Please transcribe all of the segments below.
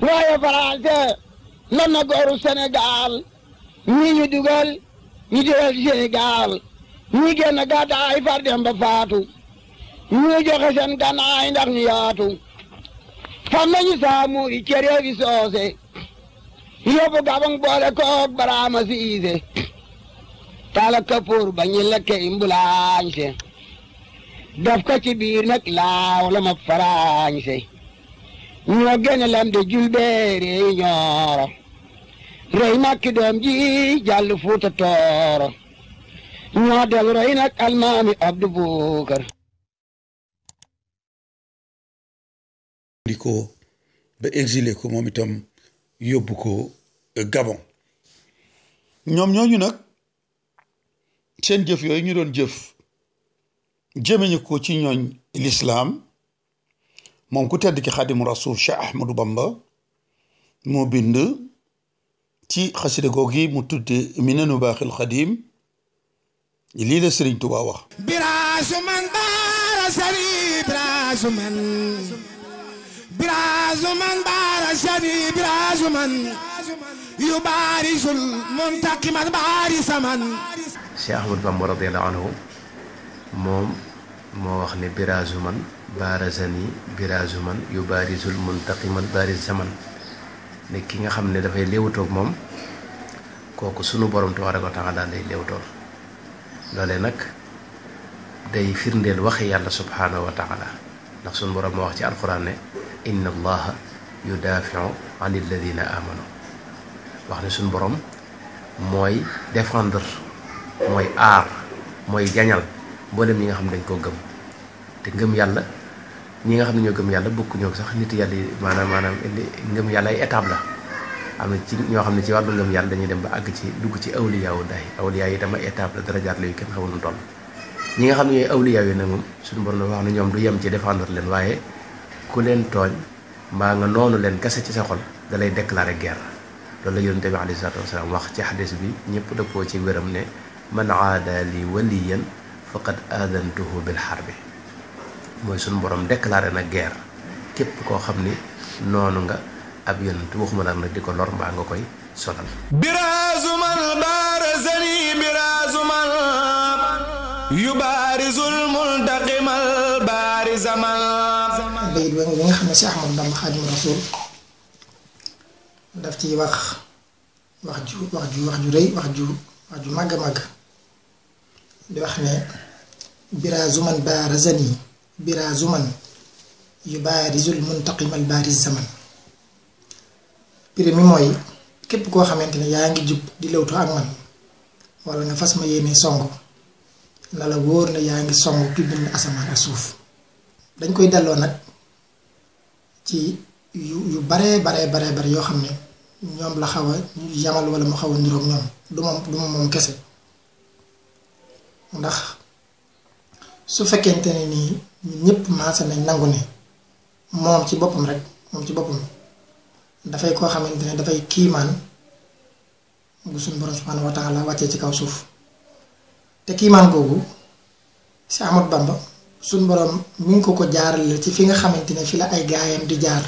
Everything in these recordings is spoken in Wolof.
waaye français lan na gooru Sénégal ñii ñu dugal ñu dugal Sénégal ñii génn gàddaay far dem faatu ñu joxe seen gànnaay ndax ñu yaatu fam nañu saamu i cere bi soose yóbbu gabang boole koog baraama siise tala kapoor ba ñu lekke imbulaañse daf ko ci biir laaw la ma faraañse ñoo gene lam de julbeere yi ñooro rey makki doom ji jàll fuuta tooro ñoo del roy nag almaami abdu buukar di ko ba exilé ko moom itam yóbbu ko Gabon ñoom ñooñu nag seen jëf yooyu ñu doon jëf jëmeñu ko ci ñooñ lislaam moom ku tedd ki xaadimu rasuul Cheikh Ahmadou Bamba moo bind ci xasida googi mu tudde minanu baaxil xadim lii la Sëriñ Tuubaa wax biraasu man baara sani biraasu man biraasu man baara sani biraasu man yu baarisul muntaqiman baari saman Cheikh Ahmadou Bamba radiyallahu anhu moom موخني برازومن بارزني برازومن يبارز المنتقم البارز زمن نكيغا خامني دا فاي ليوتوك موم كوكو سونو بوروم تبارك وتعالى لي ليوتور لولي نك داي فيرندل وخي الله سبحانه وتعالى نك سونو بوروم موخ سي القران ان الله يدافع عن الذين امنوا واخني سونو بوروم موي ديفاندر موي ار موي جانيال mboolem ñi nga xam ne dañ koo gëm te ngëm yàlla ñi nga xam ne ñoo gëm yàlla bokk ñoo sax nit yàlla yi maanaam indi ngëm yàlla ay étape la am na ci ñoo xam ne ci wàllu ngëm yàlla dañuy dem ba àgg ci dugg ci awliyaawu daay awliyaa yi dama étape la darajaat la yu kenn xamuñu toll ñi nga xam ne ñooy awliyaa yi nag moom suñu borom wax na ñoom du yem ci défendre leen waaye ku leen tooñ mbaa nga noonu leen kese ci sa xol da lay déclarer guerre loolu la yonent bi alayhi salaatu wasalaam wax ci xadis bi ñëpp dëppoo ci wéram ne man aada li waliyan faqad aadantuhu bil harbi mooy suñu borom déclaré na guerre képp koo xam ni noonu nga ab yonent waxuma nag nag di ko lor mbaa nga koy solal biraazuman baarazani biraazuman yubaarizul multaqimal nga xam ne si Ahmadu Bamba Xaadimu Rasuul daf ciy wax wax ju wax ju wax ju rëy wax ju wax ju màgg màgg di wax ne yu biraazuman baarazani biraazuman yubaarisul muntaqimal baariz zaman prix mi mooy képp koo xamante ne yaa ngi jub di lëwtoo ak man wala nga fas ma yéene song na la wóor na yaa ngi song ki bind asamaan ak suuf dañ koy delloo nag ci yu yu baree baree bare bare yoo xam ne ñoom la xaw a yamal walla mu xaw a niroog ñoom du moom moom kese ndax su fekente ni nii ñun ñëpp maase nañ nangu ne mom ci bopam rek mom ci fay ko xamantene da fay ki man bu sun borom subhanahu wa taala wacce ci kaw suuf te man gogu si amad bamba sun borom mi ngi ko ko jaarale ci fi nga xamantene fi la ay gaayam di jaar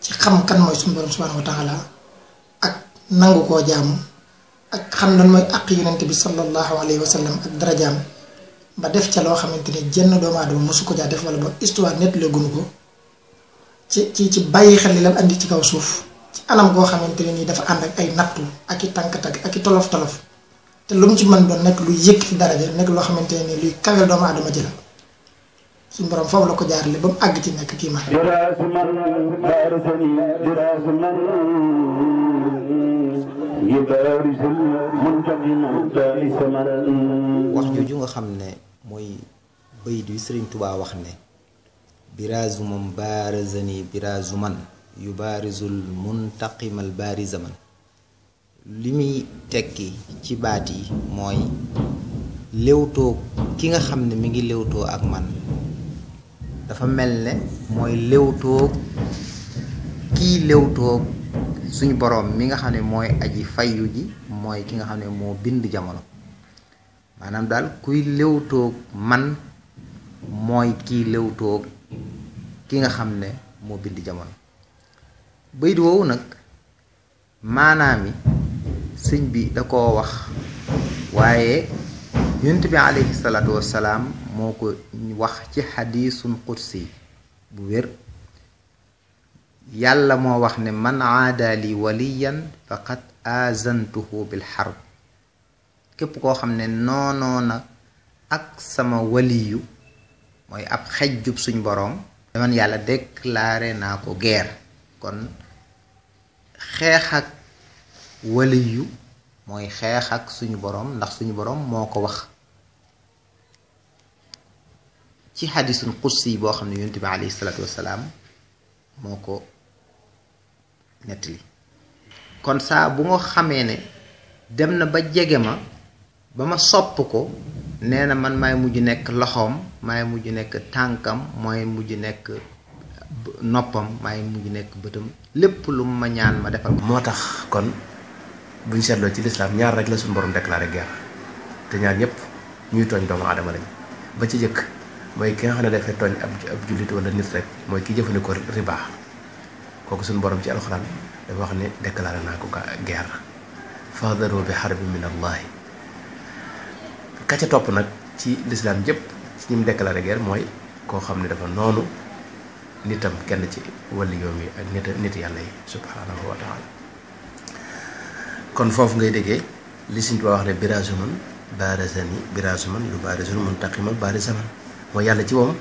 ci xam kan moy sun borom subhanahu wa taala ak nangu ko jaam ak xam nan moy ak yenenbi sallallahu alayhi wa sallam ak darajaam ba def ci lo xamanteni ni jenn doomu aadama mosu ko ja def wala ba histoire net le gunu ko ci ci ci baye xel li lam andi ci kaw suuf ci anam go xamanteni ni dafa and ak ay nattu ak tank tak ak tolof-tolof te lu mu ci man do nek lu yek daraja dara loo xamante ne nii luy kawel ma do ma la sun borom foofu la ko ci nek ki ma wax nga mooy bayit wi sëriñ tubaa wax ne biraazu man baarazani biraazu man yu baarizul muntaqimal baariza man li muy tekki ci baat yi mooy léwtoo ki nga xam ne mi ngi léwtoo ak man dafa mel ne mooy léwtoo kii léwtoo suñu borom mi nga xam ne mooy aji fayu ji mooy ki nga xam ne moo bind jamono maanaam daal kuy léwtoog man mooy kii léwtoog ki nga xam ne moo bind jamono bayit woowu nag maanaam yi sëñ bi da koo wax waaye yonent bi aleyhi salaatu wassalaam moo ko wax ci xadiisun qudsi bu wér yàlla moo wax ne man aada li waliyan faqad aazantuhu bil xarb képp koo xam ne noonoo na ak sama waliyu mooy ab xejjub suñu boroom daman yàlla déclaré naa ko guerre kon xeex ak waliyu mooy xeex ak suñu boroom ndax suñu boroom moo ko wax ci xadisul qudsi boo xam ne yonent bi moo ko nettali kon saa bu nga xamee ne dem na ba jege ma Bama sopp ko nee man may muju nek loxom may muju nek tankam moy muju nek nopam may muju nek beutum lepp lu ma ñaan ma defal ko kon buñu seetloo ci l'islam ñaar rek la suñu borom déclaré guerre te ñaar ñëpp ñuy togn doom adam lañ ba ci jëk moy ki nga xam ne togn ab ab julit wala nit rek moy ki jëfandikoo riba koku suñu borom ci alcorane dafa wax ni déclaré na ko guerre fadaru bi min allah ka topp nag ci lislaam jëpp ci ñim déclaré guerre mooy koo xam ne dafa noonu nitam kenn ci wàllu yoom yi ak nit nit yàlla yi subhanahu wa taala kon foofu ngay déggee li Sëñ Tuubaa wax ne biraasu man baarisani biraasu man lu baarisul mun taqimal baarisa man mooy yàlla ci moom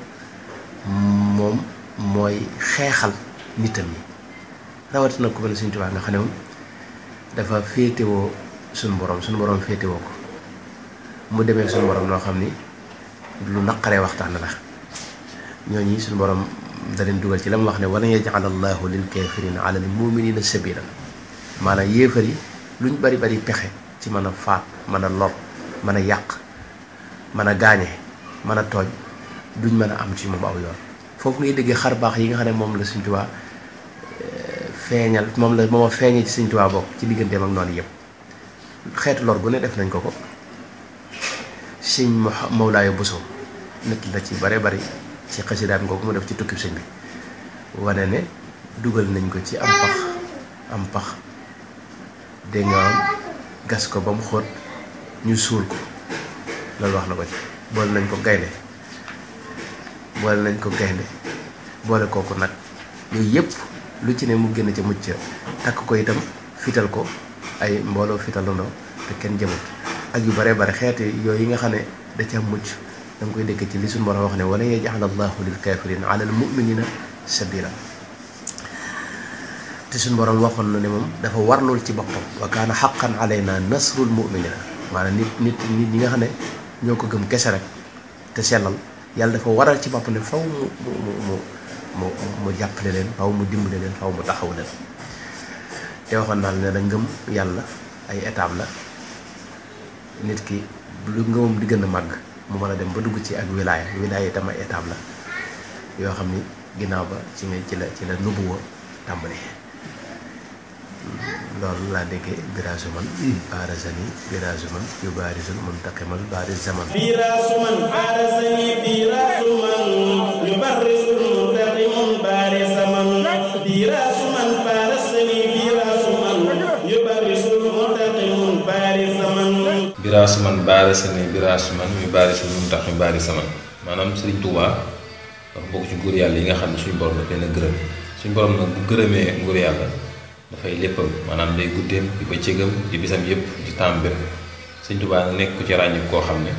moom mooy xeexal nitam yi rawatina ku mel ne Sëñ Tuubaa nga xam ne moom dafa féetewoo suñu borom suñu borom féetewoo ko mu demee suñu borom noo xam ni lu naqaree waxtaan la ñoo ñooñu suñu borom daleen leen dugal ci la mu wax ne wala yajal allahu lil kafirina ala al muminina sabila maanaa yéefar yi luñ bari bari pexe ci mën a faat mën a lor mën a yàq mën a gaañe mën a tooñ duñ mën a am ci moom aw yoon foofu ngay déggee xar baax yi nga xam ne moom la Sëñ Tuubaa eh, feeñal moom la moom a feeñee ci Sëñ Tuubaa bokk ci digganteem ak noonu yëpp xeetu lor gu ne def nañ ko ko sëñ Mawlaaya Bousso nett la ci bare bari ci xasidaam googu mu def ci tukki sëñ bi wane ne dugal nañ ko ci am pax am pax dégg nga gas ko ba mu xóot ñu suul ko loolu wax na ko ci boole nañ ko gaynde boole nañ ko gaynde boole kooku nag yooyu yëpp lu ci ne mu génn ca mucc takk ko itam fital ko ay mbooloo fitalandoo te kenn jëmut ak yu bare bare xeete yooyu yi nga xam ne da ca mucc da koy dégg ci li suñu borom wax ne wala yaj'al allahu lil kaafirina ala na muminina sabila te suñu borom waxoon na ne moom dafa warlul ci boppam wa kaana xaqan alayna nasrul muminina maanaam nit nit nit ñi nga xam ne ñoo ko gëm kese rek te sellal yàlla dafa waral ci boppam ne faw mu mu mu mu mu jàppale leen faw mu dimbale leen faw mu taxaw leen te waxoon naa ne da ngëm yàlla ay étape la nit ki lu ngëmam di gën màgg mu mën a dem ba dugg ci ak wilaaya wilaaya itam ay étape la yoo xam ni ginnaaw ba ci nga ci la ci la nubuwa tàmbali hmm. loolu laa déggee biraasu man hmm. baarasani biraasu man yu baarisul muntaqimal baaris zaman biraasu man biraasu man baaris man baaris ni biraas man mi baaris lu mu tax mi baaris man maanaam Sëriñ Tuubaa dafa bokk ci nguur yàlla yi nga xam ne suñu borom daf leen a gërëm suñu borom nag bu gërëmee nguur yàlla dafay léppam maanaam day guddeem di bëccëgam di bisam yépp di temps bépp Sëriñ Tuubaa nag nekk ku ci ràññi koo xam ne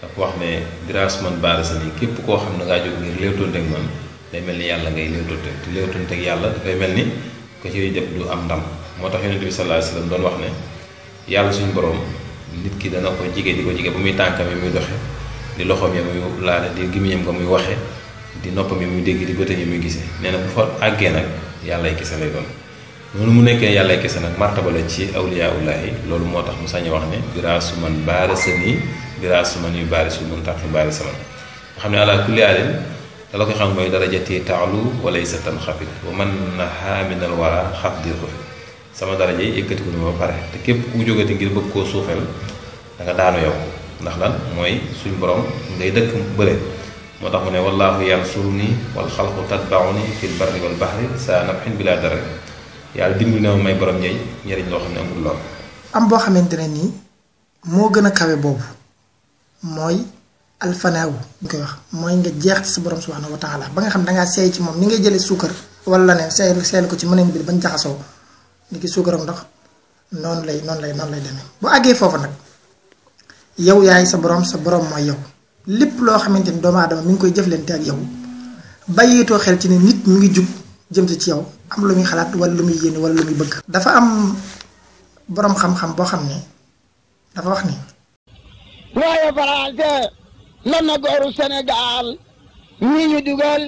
dafa wax ne biraas man baaris ni képp koo xam ne ngaa jóg ngir léewtoonte ak man day mel ni yàlla ngay léewtoonte te léewtoonte ak yàlla dafay mel ni ko ci def du am ndam moo tax yonent bi sallallahu alayhi wasallam doon wax ne yàlla suñu borom nit ki dana ko jigéen di ko jige bu muy tànkam yi muy doxe di loxoom ya muy laale di gémmiñam nga muy waxe di noppam yi muy dégg di bëtam yi muy gisee nee na bu fa àggee nag yàllay kese lay doon noonu mu nekkee yàllay kese nag martaba la ci awliyaullahi loolu moo tax mu sañ wax ne su man baari sa nii su man yu baari su mun tàq baari sa man xam ne àla kulli alin dala koy xam mooy darajati taalu walay sa tan xafit wa man na xaaminal wara xaf dir ko sama daraja yi yëkkati ko ba pare te képp ku jógati ngir bëgg koo suufeel da nga daanu yow ndax lan mooy suñ borom ngay dëkk bële moo tax mu ne wallaahu yansuruni wal xalqu tatbauni fil barri wal bahri saa nabxin bila dara yàlla dimbali na may borom ñey njëriñ loo xam ne amul lool. am boo xamante ne nii moo gën a kawe boobu mooy alfanaawu ñu koy wax mooy nga jeex ci sa borom subhanahu wa taala ba nga xam da ngaa seey ci moom ni ngay jëlee suukar wala ne seeyal seeyal ko ci mëneen bi bañ ni ki suukaram noonu lay noonu lay noonu lay demee bu àggee foofu nag yow yaay sa borom sa borom mooy yow lépp loo xamante ni doomu aadama mi ngi koy jëflante ak yow bàyyeetoo xel ci ne nit mi ngi jub jëm si ci yow am lu muy xalaat wala lu muy yéene wala lu muy bëgg. dafa am boroom xam-xam boo xam ne dafa wax ni. waaye français lan na gooru Sénégal ñii ñu dugal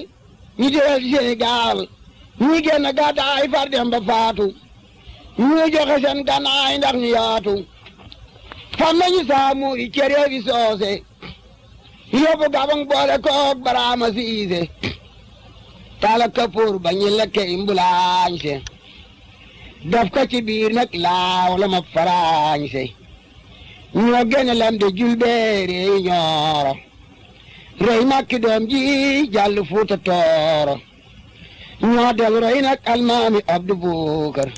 ñu dugal far dem ba faatu. ñu joxe seen gànnaay ndax ñu yaatu fam nañu saamu i soose yóbbu gabang boole koog baraama siise tala ba ñu lekke imbulaañse daf ko ci biir ma faraañse ñoo gene lam de julbeere yi ñooro rey makki doom ji jàll fuuta tooro ñoo del roy nag almaami abdu buukar